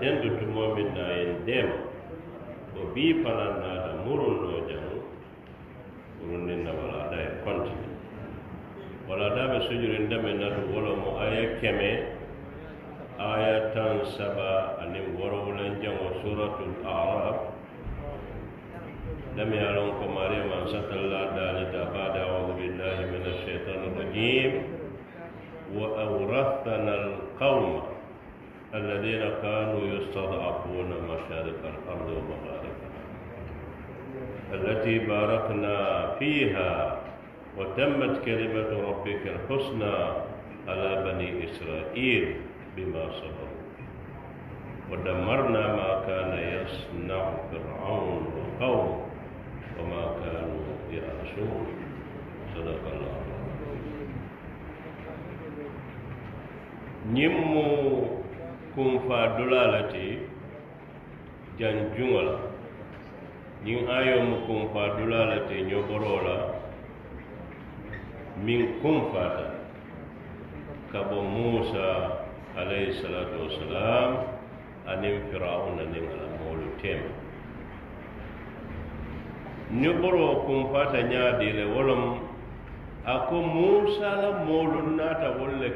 dendu tumo min na en ndema o bii panannaada da jam murundinna walaada e continue walaada ɓe sujurindame natu wolo mo aya keme aya tan saba anin worowulen jango suratul arab لم يرون كماري من سطل الله ذلك بعد أعوذ بالله من الشيطان الرجيم وأورثنا القوم الذين كانوا يستضعفون مشارق الأرض ومغاربها التي باركنا فيها وتمت كلمة ربك الحسنى على بني إسرائيل بما صبروا ودمرنا ما كان يصنع فرعون وقوم وما كانوا يعرشون صدق الله نمو kunfa dula la te jan juŋo la ñiŋ ayo mu kunfa dula la ti ñoboroo la min miŋ ta ka bo musa alayhi salatu wasalam aniŋ firawuna niŋ ala moolu tema ñoboroo kunfata ta nya wo loŋ a ko musa la moolu naata wolu le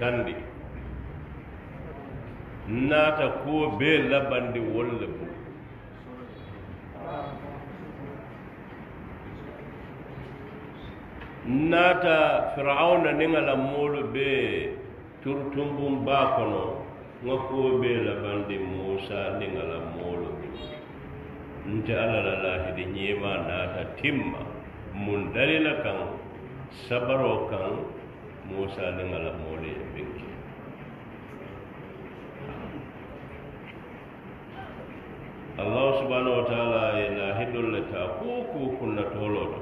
tandi naata koo be labande wolle bo naata firauna niŋala moolu be turtumbum baa kono ŋa koo be labandi musa niŋala moolu be nte alla la lahidi ñiima naata timma mun dalila kaŋ sabaroo kaŋ musa niŋala moolu ye allah subhanahu wa ta'ala ena hiɗolle ka kuku kunna toloto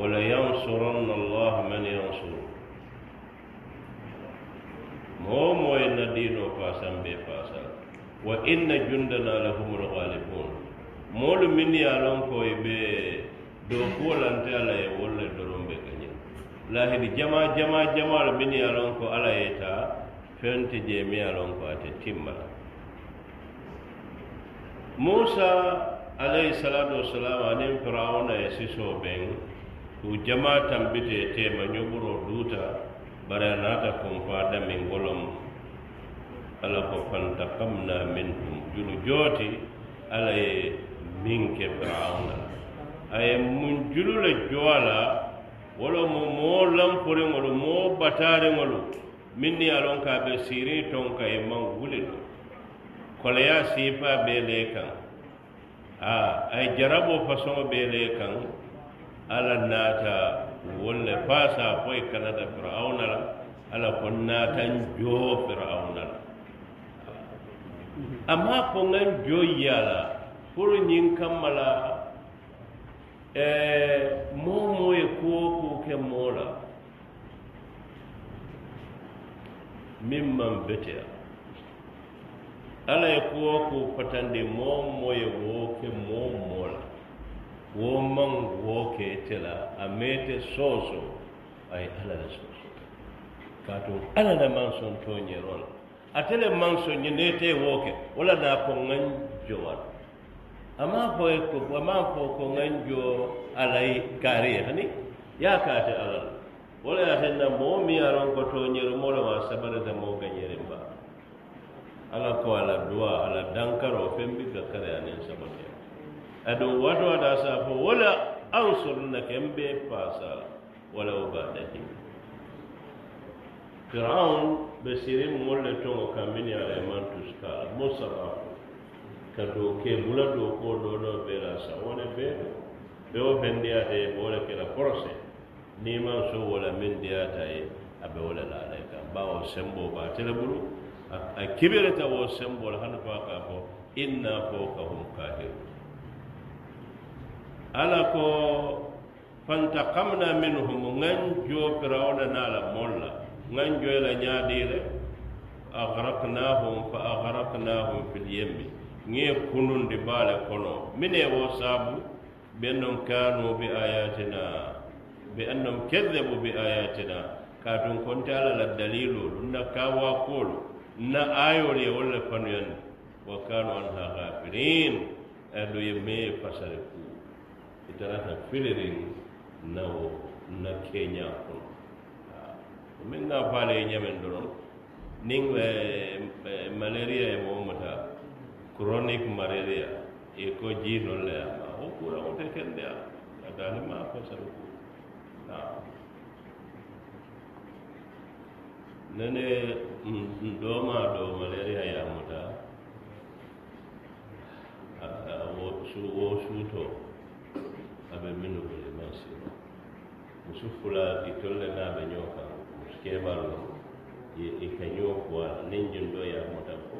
wala yansuranna allah man yansuru moo moye na diino faasan be fasa. wa inna jundana lahumul ghalibun moolu min ya lon koye bai. dow ta ala ye wolle doron ɓe gañin lahidi jama jama jama min ya lon ko ala ye ta fente je mi ye lon ko ate timmala musa alayhi salatu wasalam aniŋ firawuna ye sisoo beŋ ku jamaa tambita ye teema duta duuta bari a naata kunfaada miŋ wo loŋ alla ko fantakamna minhum julu jooti alla ye miŋ ke firawuna a ye muŋ julu le joo a la wo lo mu mo lanforiŋolu moo bataariŋolu miŋ niŋ ye a loŋ ka a be siirii toŋ ka ye maŋ wuli kolaya sifa bele kan a ay jarabo façon bele kan ala nata wolle fasa foye kanata da la ala ko naatan jo fir'auna la amma ko ŋan joo yala pour ñiŋ kammala la mo mo e, e ko ko ke mola la betia ala ye kuwo ku patandi moo moo ye woo ke moo moo la wo maŋ woo ke ite a meete sooso a ye ala le sooso kaatu ala la maŋ soŋ too ñeroo la ate le maŋ soŋ ñi ne ite ye ke wo la ko ŋaŋ jowa la a maŋ fo ko a maŋ ko ŋaŋ joo ala ye kaari hani ye a kaate ala la wo le na moo miŋ ye ko too ñero moo le maa sabarita moo ka ñeriŋ baa ala ko ala duwa ala dankaro fembi ga kare anin sabake adu wato da safo wala ansurna kembe pasa wala ubadati firaun be siri molle tongo kamini ala man tuska musaba ka do ke bula do ko do do be la sa wala be be o bendia de bole ke la porose ni man so wala min dia abe wala la ka bawo sembo ba tele buru a kiɓirta wo symbole hano faka fo inna fo ka hum kahir ala ko fantakamna minhum gan jo firawna nala molla gan joyla ñaɗire agraknahum fa agraknahum fil yemmi ge kununde baale kono mine wo saabu ɓe non kanu bi ayatina ɓe annon kedebu bi ayatina katun konte alala dalilu ɗum na kawa kolu na ayo le wolle fanu yan wa kanu ha gafirin adu me fasare ku ta filirin na o na kenya ko ah, min ga fale nyamen doron ning eh, eh, malaria e mo mata chronic malaria e ko jino le ma o kura o te kende ya dalima fasare ku na ah. ne nene ndoma ɗo malaria a wo a suuto aɓe minugole mansiro musu fula ɗi tolle naɓe ñoo kan musu keɓallo i e, ka ñoo kuwa nin jin ya yamuta ko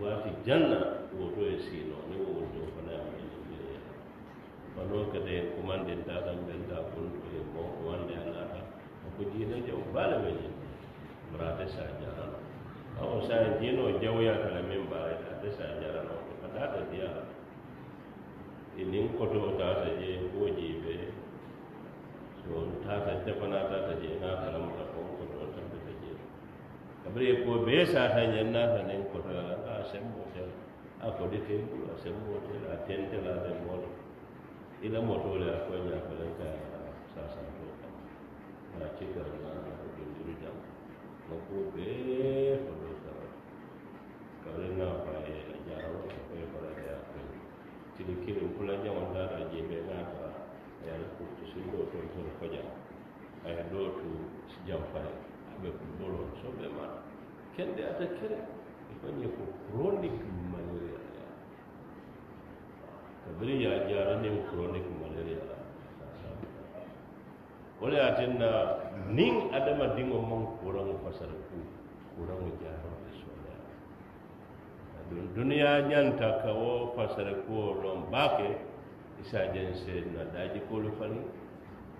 waati janna woto e siino ni wowol ɗo fana yamaɗe wano kade kumandin taɗan ɓen ta kon e mo wande a naata godina jaw bala be je murata sa jara no awo sa jeno jaw ya kala men bare ta ta sa jara no ka da da dia inin koto ta ta je ko je be so ta ta ta n'a ta ta je na kala mu ta ko ko ta ta ta je kabre ko be sa ta je na ta ne ko ta a sem mo ta a ko de yi a sem motel a ten ta la de mo ila mo to le a ko ya ko ta partire dalla progettività, ma pure per lo Stato. Karena apa yang jarang apa yang berada aku. Jadi kira pulangnya anda aja dengan apa yang aku tu sungguh tu sungguh kerja. Ayah do tu sejam ning ada mah di ngomong kurang pasar ku kurang jaro da soya duniya nyanta pasar ku ron bake eh. isa jense na daji kolu fali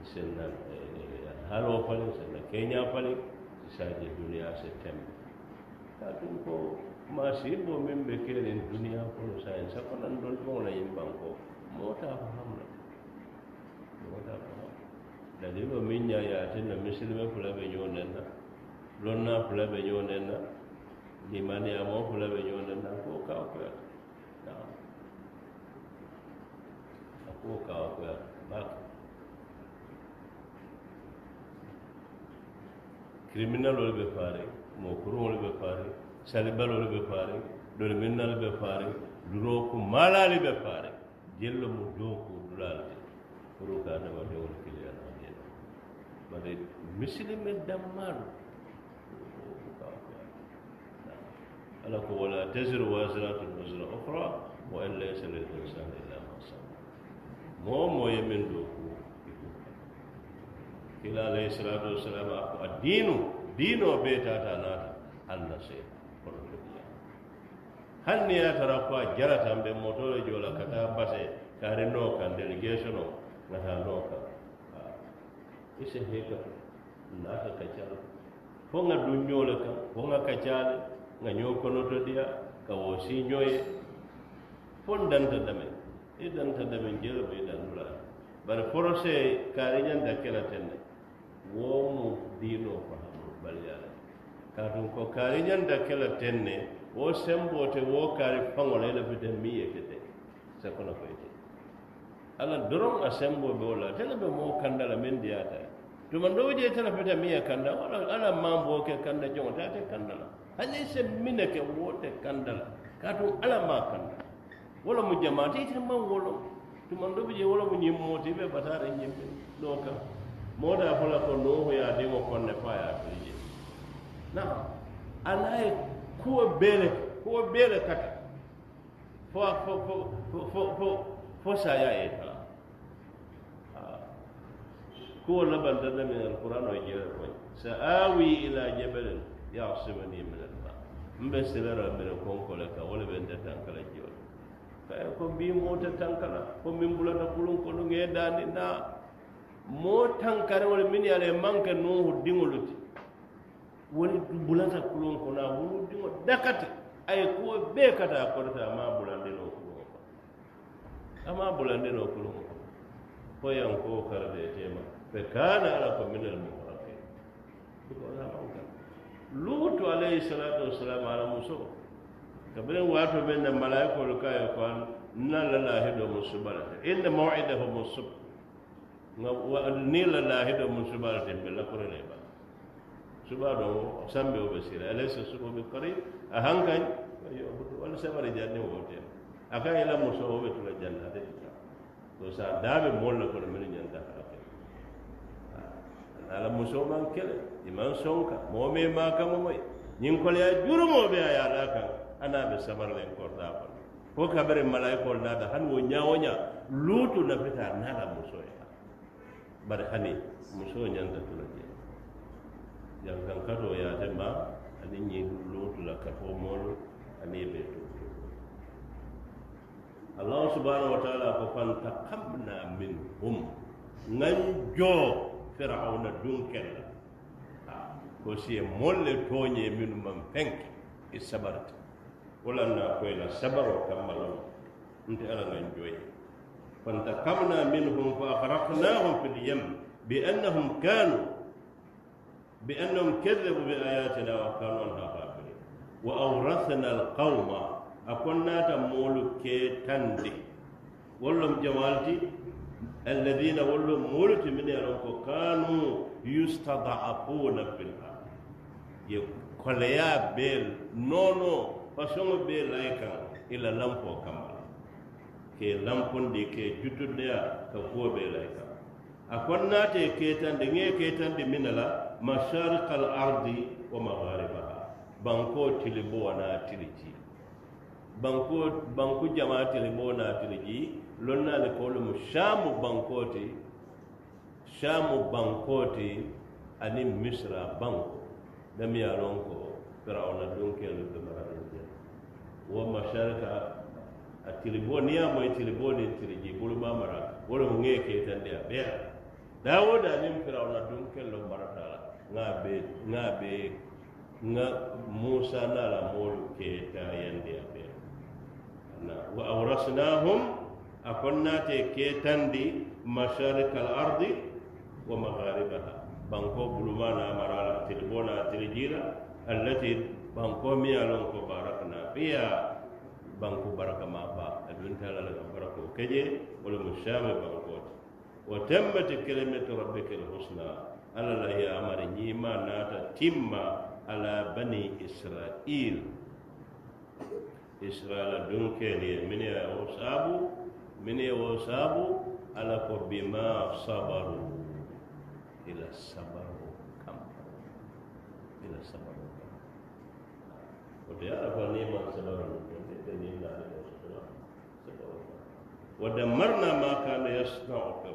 isa na eh, halo fali isa na kenya fali isa jen dunia se tembe ta tun ko dunia min be kelen duniya kono sayen sakonan dol tongola yimbanko mota fahamna mota fahamna ladima min nya ya tinna misilme fula be ñonen na lonna fula be ñonen na limaniyamo fula be ñonen na ko kaw koyat a ko kaw koyat baka criminalolu be faari mokuruŋolu be faari salibalolu be faari dolu minnalu be faari duroo ku maalaali be faari jello mu doo ko dulaalu te pour ka adamadeŋolu ke Bari musulmin dan maru Allah ko wala taziru waziratun wazira ukhra wa an la yasal lil insani illa ma sa'a mo mo yemen do ko ila alayhi salatu wassalam ko adinu dino be tata nata Allah sai hanni ya tara ko jarata be motore jola kata base kare no kan delegation no ngata no kan i si hee ka naa ka kacala fo ŋa duŋ ñoo le kaŋ fo ŋa kacale ŋa ñoo konoto diya ka wo sii ye fo n danta dame i e danta dame jelo be i dantula bari porosee kaari ñanta ke la teŋ ne wo mu diinoo fahamu baliya le kaatuŋ ko kaari ke la teŋ ne wo semboo te wo kaari faŋo la i lafita miŋ ye kete se kono koyi ala doron a sembo be be mo kanda la men diyata tuma ndo je tele peta miya kanda wala ala mambo ke kanda jongo tate kanda la hanye se mine ke wote kanda la kaatu ala ma kanda wala mu jamaati ite man wolo tuma ndo je wala mu nyimmoti be batare nyimbe do ka moda fola ko noho ya dimo konne fa ya je na ala e kuwa bele kuwa bele kata fo fo fo fo fo fo saya e kowane bandan da min alkur'an wa jira kwai sa'awi ila jabalin ya asibani min alba in bai silara min konkola ka wala bai da jiwa kaya ko bi mota tankala ko min bulata kulun kulun ya ni na mo tankare min wani bulata kulun kuna wulu dingo dakati ay ko be ta ma kulun ko yan ko tema فكان علقا من المغرقين lutu alayhi salatu wassalam ala muso kabirin wato da kwan na lalahi inda wa ni lalahi musu. ba alaysa bi wote muso to sa dabe ko min ala musoman kele iman sonka mome ma kamo moy nyin kol ya jurumo be ya ala kan ana be sabar len korda ko ko kabare malaikol da da han wo nya wo nya lutu na fita na la muso ya bar hani muso nyan da tulaje yan kan kato ya temba ani nyi lutu la ka kafo mol ani be to Allah subhanahu wa ta'ala ko fanta kamna minhum nan jo firawna dunkella ko siye molle tooñe minu man fenke i sabarta wolanna koyla sabaro kammalon nte ala nan joye فانتقمنا منهم فأغرقناهم في اليم بأنهم كانوا بأنهم كذبوا بآياتنا وكانوا عنها غافلين وأورثنا القوم أكنا تمولك تندي ولم جمالتي alladhina wallu multi min ko kanu yustad'afuna na ard ye kolaya bel nono façon be layka ila lampo kama ke lamponde ke jutuddeya ka kuwo be layka a konnate ketande ŋe ketande mina la masharika al ardi wa magharibaha banko tilibo wana tiliji banko banku jama tilibo na tiliji lonnaali koolemu shamu bankooti shamu bankooti ani misira banko dami ye a loŋ ko firawuna dunkeelu be maraŋ je wo masharika a tiriboo niŋ ye a moyi tiriboo niŋ tirijii bulumaa mara wo lemu ŋa ye keetandi a bee la daa wo daa niŋ firawuna dunkeelu lo marata la ŋa a bee ŋa a bee ŋa musa naa la moolu keetayandi a bee la wa awrasnahum a konnate ketandi masharika al ardi wa magharibaha banko bulumana marala tilbona tiljira allati banko miyalon ko barakna fiya banko baraka ma ba adun tala la barako keje wala mushama banko wa tammat kalimatu rabbika alhusna alla la ya amara nyima nata timma ala bani israil israila dunkeli min ya usabu mene ye wo ala ko bima sabaru ila sabaru kam, ila sabaru kam. woto apa ala ko ni man sabaru ite ni naani o sabaru wa marna ma kana yasnau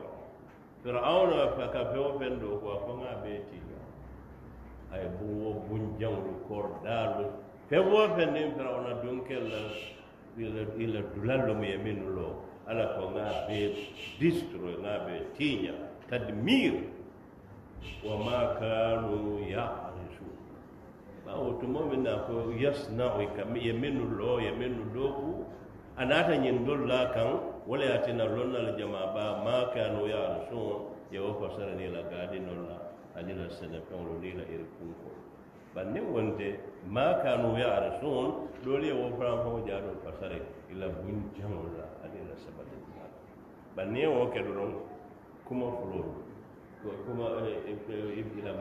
firaun fa ka fe fen do ko a fo be ti ay bu buwo bun jaŋlu kor daalu fewo fen nin firawna dunkel la ila dulallu ala ko nga be destroy nga be tinya tadmir wa ma kanu ya ya'risu ba otumo na ko yasna'u kam yaminu lo yaminu doku anata nyindol la kan wala yatina lonna al jamaa ba ma kanu ya ya'risu ya wa fasara ni la gadi non la ajira sana pawlo ni la irkun ko banne wonde ma kanu ya ya'risun dole wa fara ko jaro fasara ila bunjan la sabata banne wo kuma kuma ibila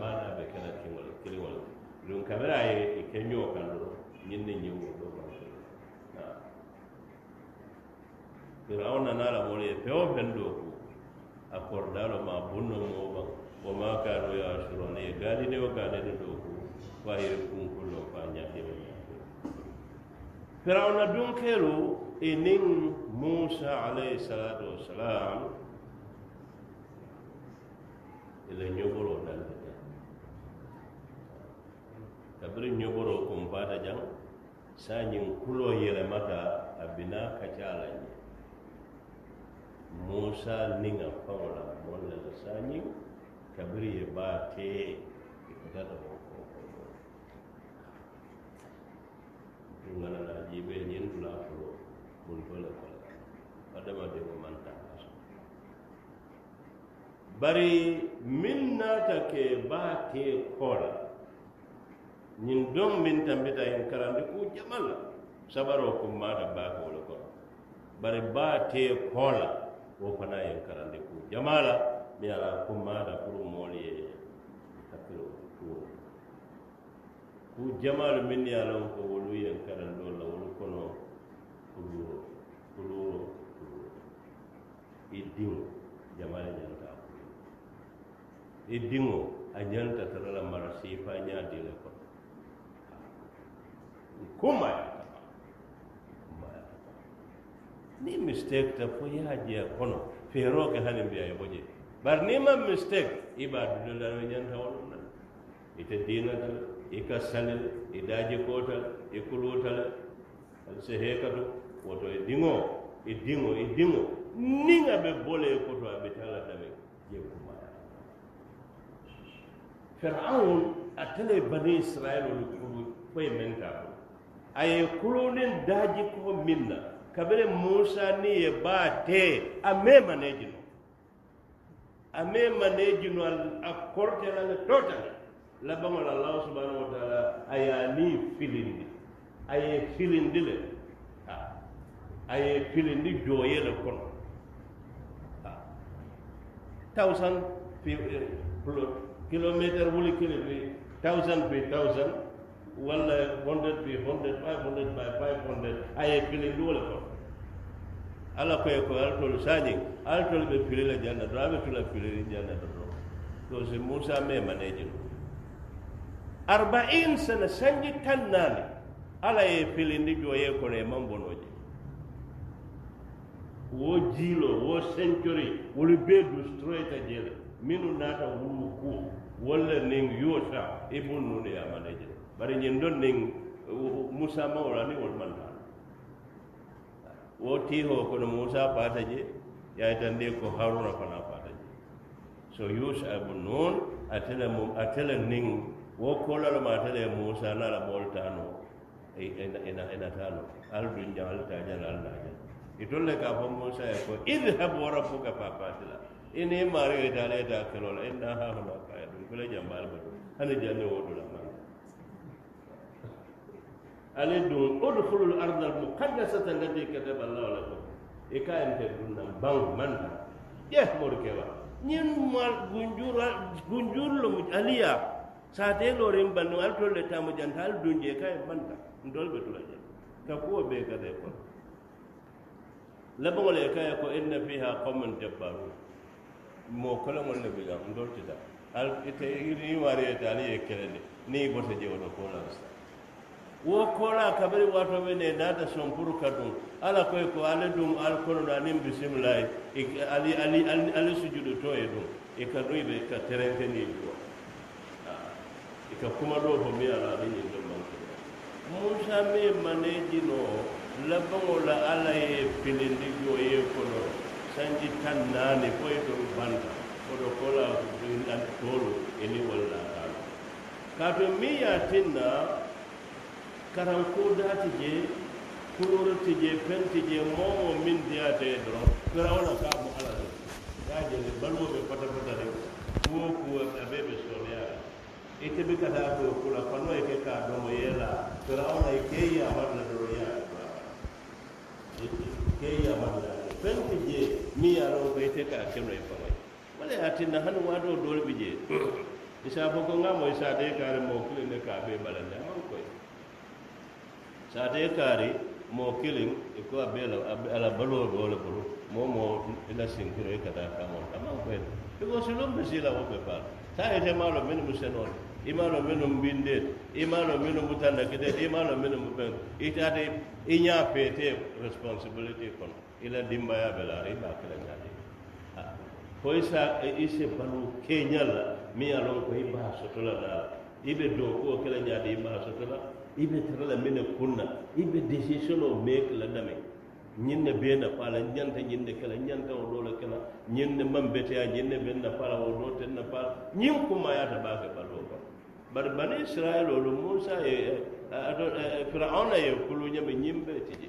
kana na la mole pe o ben do ku akordalo ma bunno ma ka do ya ne ne ka ne do kun kullo fa nya ke fir'auna dun kero inin musa alayhi salatu wassalam ila ñoboro dalbita kabiri ñoboro ba ta jang sanyin kulo yelemata a bina kacala ñe musa niŋa faŋola moolu le la sañin kabiri ye baa tee ikutata mo kokono ŋanana jiibe ñin dula fuloo burtole kwale adama da yawan manta bari min nata ke ba te kora ñin don min tambita hen karandi ku jamala sabaro ko mata ba ko lo ko bari ba te kola ko fana hen karandi ku jamala mi ala ko mata pour moli e takiro ku ku jamal min ya lon ko wolu yen karando la wolu kono kuluro kuluro kuluro iddiŋo jamala ñanta kulu iddiŋo a ñanta tara la mara siifa ñaadile koto kumaya ni mistake ta fo ye a jeya kono feeroke hani mbiya yobo e je bari ni ma mistake i ba dudalano ñanta wolu na ite dinata le i ka sali le i daaji kootale i kuluuta le ali se heekatu woto e diŋo e diŋo e diŋo niŋ a be bole e koto a be dame je kumaya firawun ate le bani israilolu lu foye meŋ taa ko a ye kuluniŋ daaji ko minna na musa ni ye ba te a mee maneji no a mee maneji no a kortela le totali labaŋo la allahu subhanahu wa taala a ye a niŋ filindi a ye filindi le a ye pilindi jooye le kono tawsan eh, kilometre wuli kili bi tawsan bi tawsan walla hundred bi hundred five hundred by five hundred a ye pilindi wo le kɔnɔ. ala ye koye ala tolu sañing ala tolu bɛ fili la janna to a ɓe tula piliri janna to to to Musa moussa me maneji no arbain sene sanji tan naani ala ye pilindi jooye kono e man bonoje wo jilo wo century wolu be du stroyta je le minnu naata wulu ku. walla ning yoota i bun nunu ye amana bari ñiŋ do niŋ musa mawola ni wolu man taa wo tiihoo kono musa paata je ya yayitande ko haruna fana paata je so yusa abu noon ate le ate le wo kola ma ate musa na moolu taa noo ina e, e, taa noo ali duŋ jaŋ ali taa jaŋ ali naa ka fɔ musa ya ko ha bɔra ka idhab wa rabbuka fafatila ini mari dale da kalola inna ha huna kaya dun kula jamal ba hali janne wodo la ma ale dun udkhulul ardh al muqaddasata allati kataba Allah lakum ika en te dun nan bang man ye mor ke wa nye mar gunjura gunjur lo aliya te lo rim banu al tolle tamu jantal dun je kay man ta ndol be tulaje ka ko be ka de ko laba wala ya kaya ko inna fiha qawmun jabbaru mo kala mo ne biya on dorti da al ite ni wari ta ni kelele ni bota je wala ko la wo kola kabari wato be ne da da sompuru kadun ala ko ko ala dum al kono da nim bismillah ali ali ali sujudu to e dum e ka do be ka terente ni do e ka kuma do ho mi ala ni do man ko musa me maneji no labaŋo la ala pilindi e pelendigo ye kono sanji tan naani fo ye ɗon banta koɗo kola toolu eni wallataalo kaatu miŋ ye a tinna karankoo daati je kuloro ti je pen ti je moo moo miŋ diyaata ye doroŋ firawo la kaa mo ala le kaa jele baluwo be fata fata de kuwo kuwo a bee be ite be ka daa kula fano e ye e ke kaa ya domo yee la firawo la i kee ye a keya walla fenti je mi yaro koyte ka keno e faway wala yatinna han waɗo dolɓe je isa fo ko ngamo isa de kaari mo kilin ne ka ɓe balande aman koy sa de kaari mo kilin e ko a ɓe ala balooɓe ole pour mo mo ila sinkiro e kata kamon aman koy iko silum ɓe sila woɓe paal sa ete mu imano minu mbindet imano minu mutandakitet imano minu mupen itati iña pete responsibility kono ila dimbaya bela e, iba kila ñaadi fo isa ise balu la mi a lon ko i baa sotola naala i be dookuwo kila ñaadi i baa sotola i be tara la mine kunna i be décision o meek la dame ñin ne bee nafaala ñanta ñin ne kela ñanta wo doo la kela ñin ne mambeteya ñin ne ben nafaala wo doo ten nafaala ñin kumayata baake baloo bari bani israilolu musa ye e, firauna ye kulu ñame ñimɓe tiji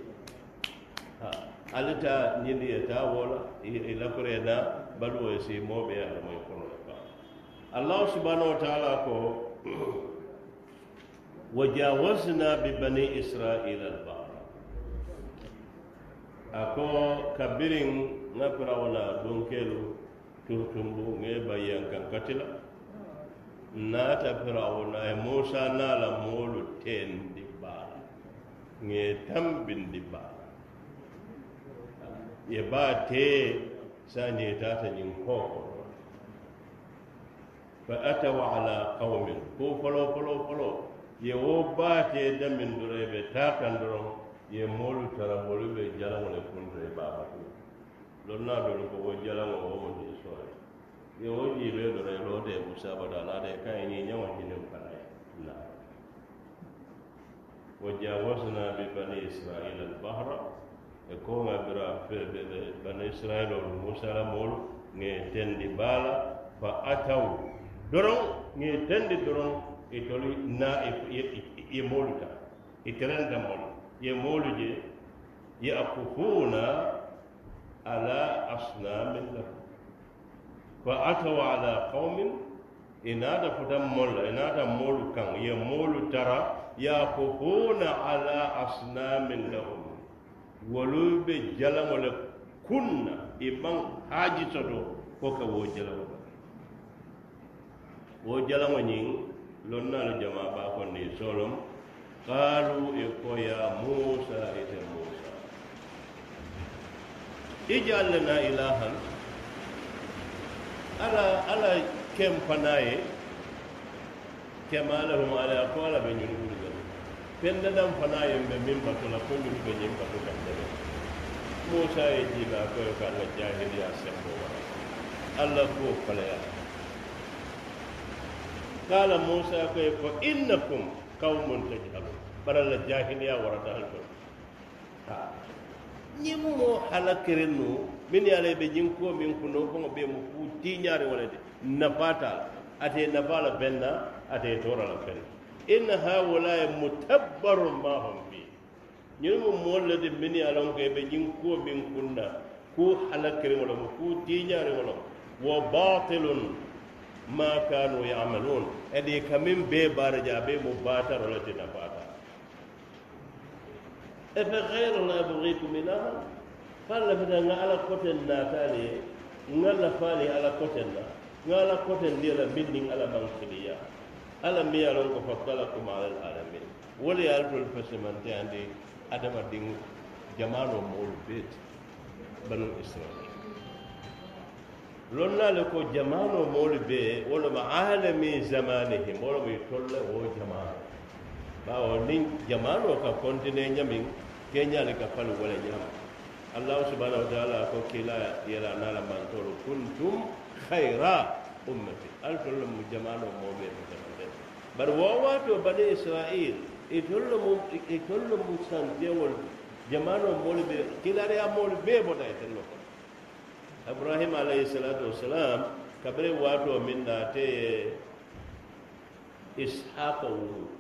alata ñini ye ta wola ilakore na baluwo ye si moɓe alamoye kono e ba allahu subhanahu wa taala ko wa jawasna bi bani israil albahra ako kabirin ŋa firawuna donkelu turtumbu ŋe bayyankankatila Na ta firawuna e musa naala moolu teendi baala ŋe tambindi ba ye baa tee saani ta taata ñiŋ koo kono fa atawa ala qawmin ko foloo foloo foloo ye wo baa tee damin doro ye be taa kaŋ doroŋ ye moolu tara moolu be jalaŋo le kunto ye baabatu lonnaa dolu ko wo jalaŋo wo mu je soore yi yawon ibe da rai rode ya busa ba da alada ya kayan yin yawan hinin faraye na wasu na bi bane isra'ila albahra e koma bira bane isra'ila musa la mol nge tendi bala fa ataw doron nge tendi doron e toli na e moluta ta terenda mol ye molu je ye akufuna ala asnamin lahu fa a wa ala qaumin inada fudan mol inada molu kan ya molu tara ya kokona ala asnamin lahum walu be jalamo le kunna iman haji todo ko ka wo jalamo wo jalamo nyin lonna lo jama ba ko ni solom qalu e ko ya musa ite musa ijalna ilahan ala ala kem panaye kema ala hum ala ko ala be nyuru ngam penda dam panaye be min batola ko nyuru be nyim batu kan de musa e jiba ko ko ala jahiliya sembo wala ala ko kala ya kala musa ko ko innakum qaumun tajhalun para la jahiliya warata alko ha ñimmo ala keren no min ye ala ɓe ñinkuo min ko non fo ɓe mo fuu tiñaare wonede nafatala ate nafala benna ate torala fene inna hawala e mutabbaru mahom fi ñinmo mollede min ye alan ko ɓe ñinkuo min kunna ku ala keren wolo mo fuu tiñaare wolo wo batilun ma kanu yamalun ede kamin be baara ja ɓe mo batarolete nafata افي خير انا ابغيكم الى فلا فدا انا على كوتن لا تالي انا فالي على كوتن لا انا على كوتن دي لا بيدين على بانكليا على ميالون كو فكلكم على العالمين ولي عرف الفسمان تي عندي ادم الدين جمالو مول بيت بنو اسرائيل لولا لكو جمالو مول بيت ولا عالم زمانهم ولا بيتول هو جمال باو لين جمالو كا كونتينيا مين kenya kenyani kapalu wala ñama allahu subhanahu wa taala ko kila yela nala mantoro kuntum khayra ummati altollo mu jamano moɓe mo jamande bar wowato bani israil e tollo mu e tollo mu santewol jamano moolu ɓe kilareya moolu bee bota e tenno ko ibrahima alayhi salatu wassalam kabire wa min naate ishaqo wuru